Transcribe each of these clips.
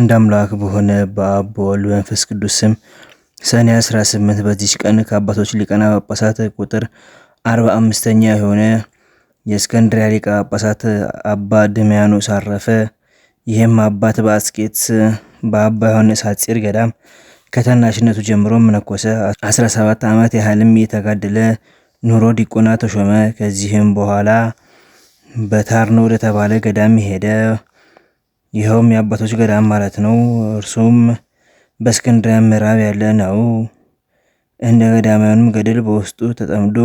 እንደ አምላክ በሆነ በአብ በወልድ በመንፈስ ቅዱስ ስም ሰኔ 18 በዚች ቀን ከአባቶች ሊቀና ጳጳሳት ቁጥር 45ኛ የሆነ የእስከንድሪያ ሊቀ ጳጳሳት አባ ድሚያኖስ አረፈ። ይህም አባት በአስቄጥስ በአባ የሆነ ሳጺር ገዳም ከታናሽነቱ ጀምሮ መነኮሰ። 17 ዓመት ያህልም የተጋደለ ኑሮ ዲቁና ተሾመ። ከዚህም በኋላ በታርኖ ወደተባለ ገዳም ሄደ። ይኸውም የአባቶች ገዳም ማለት ነው። እርሱም በእስክንድርያ ምዕራብ ያለ ነው። እንደ ገዳማውያንም ገድል በውስጡ ተጠምዶ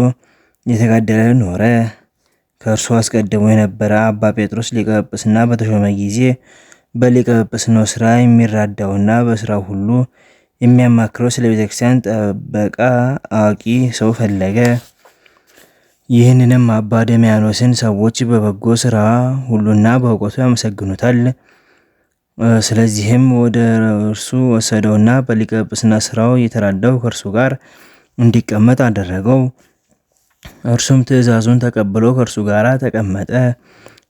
የተጋደለ ኖረ። ከእርሱ አስቀድሞ የነበረ አባ ጴጥሮስ ሊቀ ጵጵስና በተሾመ ጊዜ በሊቀ ጵጵስናው ስራ የሚራዳውና በስራው ሁሉ የሚያማክረው ስለ ቤተክርስቲያን ጠበቃ አዋቂ ሰው ፈለገ። ይህንንም አባ ደሚያኖስን ሰዎች በበጎ ስራ ሁሉና በእውቀቱ ያመሰግኑታል። ስለዚህም ወደ እርሱ ወሰደውና በሊቀ ጵጵስና ስራው የተራዳው ከእርሱ ጋር እንዲቀመጥ አደረገው። እርሱም ትእዛዙን ተቀብሎ ከእርሱ ጋር ተቀመጠ።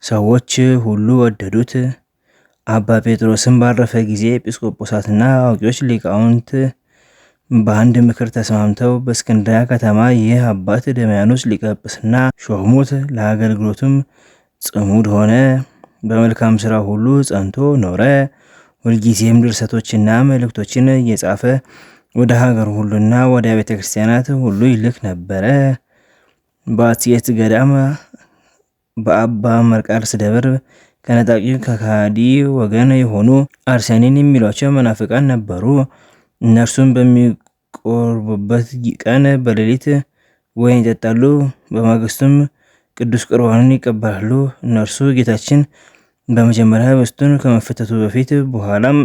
ሰዎች ሁሉ ወደዱት። አባ ጴጥሮስም ባረፈ ጊዜ ኤጲስቆጶሳትና አዋቂዎች ሊቃውንት በአንድ ምክር ተስማምተው በእስክንድርያ ከተማ ይህ አባት ደሚያኖስ ሊቀ ጵጵስና ሾሙት። ለአገልግሎቱም ጽሙድ ሆነ። በመልካም ስራ ሁሉ ጸንቶ ኖረ። ሁልጊዜም ድርሰቶችና መልእክቶችን እየጻፈ ወደ ሀገር ሁሉና ወደ ቤተ ክርስቲያናት ሁሉ ይልክ ነበረ። በአጽየት ገዳም በአባ መቃርስ ደብር ከነጣቂ ከካዲ ወገን የሆኑ አርሴኒን የሚሏቸው መናፍቃን ነበሩ። እነርሱም በሚቆርቡበት ቀን በሌሊት ወይን ይጠጣሉ፣ በማግስቱም ቅዱስ ቁርባንን ይቀበላሉ። እነርሱ ጌታችን በመጀመሪያ ህብስቱን ከመፈተቱ በፊት በኋላም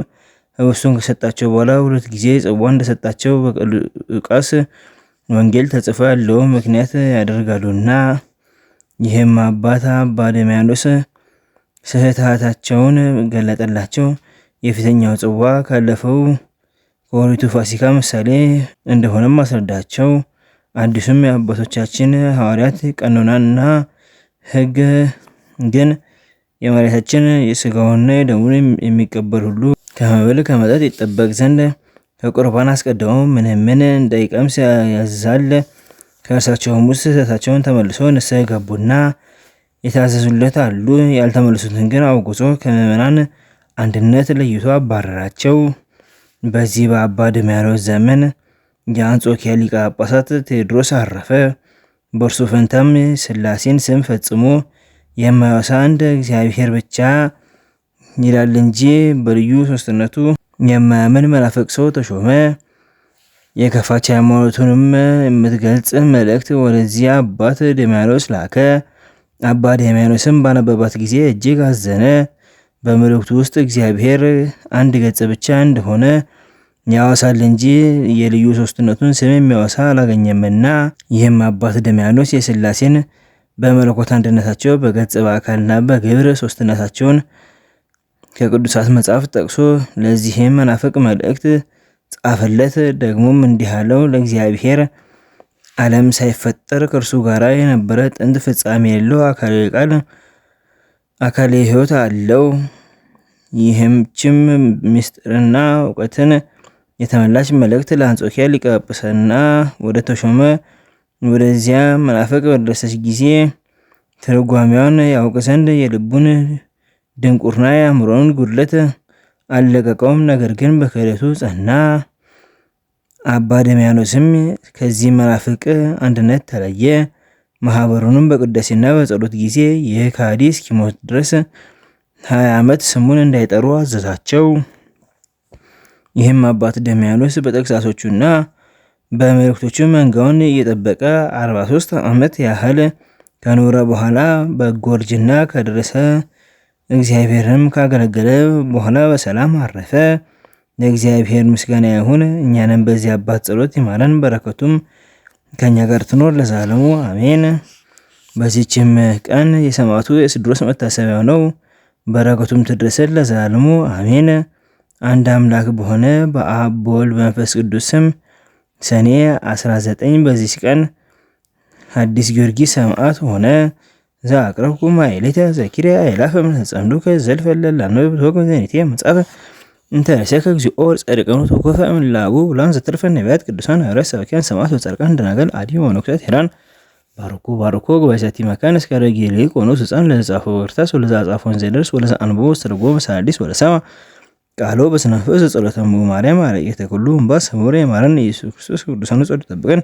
ህብስቱን ከሰጣቸው በኋላ ሁለት ጊዜ ጽዋ እንደሰጣቸው በሉቃስ ወንጌል ተጽፎ ያለው ምክንያት ያደርጋሉና ይህም አባት አባ ድምያኖስ ስህተታቸውን ገለጠላቸው። የፊተኛው ጽዋ ካለፈው ከወሪቱ ፋሲካ ምሳሌ እንደሆነም አስረዳቸው። አዲሱም የአባቶቻችን ሐዋርያት ቀኖናና ሕግ ግን የመሬታችን የስጋውና የደሙን የሚቀበል ሁሉ ከመብል ከመጠጥ ይጠበቅ ዘንድ ከቁርባን አስቀድሞ ምንምን እንዳይቀምስ ያዛል። ከእርሳቸውም ውስጥ ስህተታቸውን ተመልሶ ንስሐ ገቡና የታዘዙለት አሉ። ያልተመልሱትን ግን አውግዞ ከምዕመናን አንድነት ለይቶ አባረራቸው። በዚህ በአባ ድምያኖስ ዘመን የአንጾኪያ ሊቀ ጳጳሳት ቴዎድሮስ አረፈ። በእርሱ ፈንታም ስላሴን ስም ፈጽሞ የማያወሳ አንድ እግዚአብሔር ብቻ ይላል እንጂ በልዩ ሶስትነቱ የማያምን መናፍቅ ሰው ተሾመ። የከፋች ሃይማኖቱንም የምትገልጽ መልእክት ወደዚያ አባት ደሚያኖስ ላከ። አባ ደሚያኖስም ባነበባት ጊዜ እጅግ አዘነ። በመልእክቱ ውስጥ እግዚአብሔር አንድ ገጽ ብቻ እንደሆነ ያወሳል እንጂ የልዩ ሶስትነቱን ስም የሚያወሳ አላገኘምና ይህም አባት ደሚያኖስ የስላሴን በመለኮት አንድነታቸው በገጽ በአካልና በግብር ሶስትነታቸውን ከቅዱሳት መጽሐፍ ጠቅሶ ለዚህም መናፍቅ መልእክት ጻፈለት። ደግሞም እንዲህ አለው፣ ለእግዚአብሔር ዓለም ሳይፈጠር ከእርሱ ጋር የነበረ ጥንት ፍጻሜ የለው አካላዊ ቃል አካላዊ ሕይወት አለው። ይህም ችም ምስጢርና እውቀትን የተመላች መልእክት ለአንጾኪያ ሊቀ ጵጵስና ወደ ተሾመ ወደዚያ መናፍቅ በደረሰች ጊዜ ትርጓሚዋን ያውቅ ዘንድ የልቡን ድንቁርና የአእምሮን ጉድለት አለቀቀውም ነገር ግን በክህደቱ ጸና። አባ ደሚያኖስም ከዚህ መናፍቅ አንድነት ተለየ። ማህበሩንም በቅዳሴና በጸሎት ጊዜ ይህ ከሃዲ እስኪሞት ድረስ ሀያ ዓመት ስሙን እንዳይጠሩ አዘዛቸው። ይህም አባት ደሚያኖስ በጠቅሳሶቹና በመልእክቶቹ መንጋውን እየጠበቀ 43 ዓመት ያህል ከኖረ በኋላ በጎርጅና ከደረሰ እግዚአብሔርም ካገለገለ በኋላ በሰላም አረፈ። ለእግዚአብሔር ምስጋና ይሁን። እኛንም በዚህ አባት ጸሎት ይማረን፣ በረከቱም ከኛ ጋር ትኖር ለዛለሙ አሜን። በዚችም ቀን የሰማዕቱ የስድሮስ መታሰቢያው ነው። በረከቱም ትድረሰን ለዛለሙ አሜን። አንድ አምላክ በሆነ በአብ በወልድ በመንፈስ ቅዱስ ስም ሰኔ 19 በዚህ ቀን ሐዲስ ጊዮርጊስ ሰማዕት ሆነ። ዘአቅረብኩ ማሕሌተ ዘኪርየ አእላፈ እምነተጸምዱከ ዘልፈለላ ነው ብትወግ መዘኔትየ መጽሐፈ እንተረሰከ እግዚኦ ወጸድቅኑ ተኮፈ እምላጉ ላን ዘተርፈ ነቢያት ቅዱሳን ሐዋርያት ሰባክያን ሰማዕት ወጻድቃን ደናግል አዲ መነኮሳት ሄራን ባርኮ ባርኮ ጉባኤሰቲ መካን እስከ ረጌሌ ቆኖ ስጻን ለዘጻፈ ወርታስ ወለዘ አጻፎን ዘደርስ ወለዘ አንብቦ ወስተርጎ መሳዲስ ወለሰማ ቃሎ በስነፈስ ጸሎተ ማርያም አረቄተ ኩሉ እምባስ ህሙረ የማረን ኢየሱስ ክርስቶስ ቅዱሳን ጸሎት ጠብቀን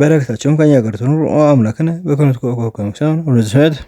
በረከታቸውም ከኛ ጋር ትኑር። አምላክን በኮነት ኮኮብ ከመሰን ሁለት ሰዓት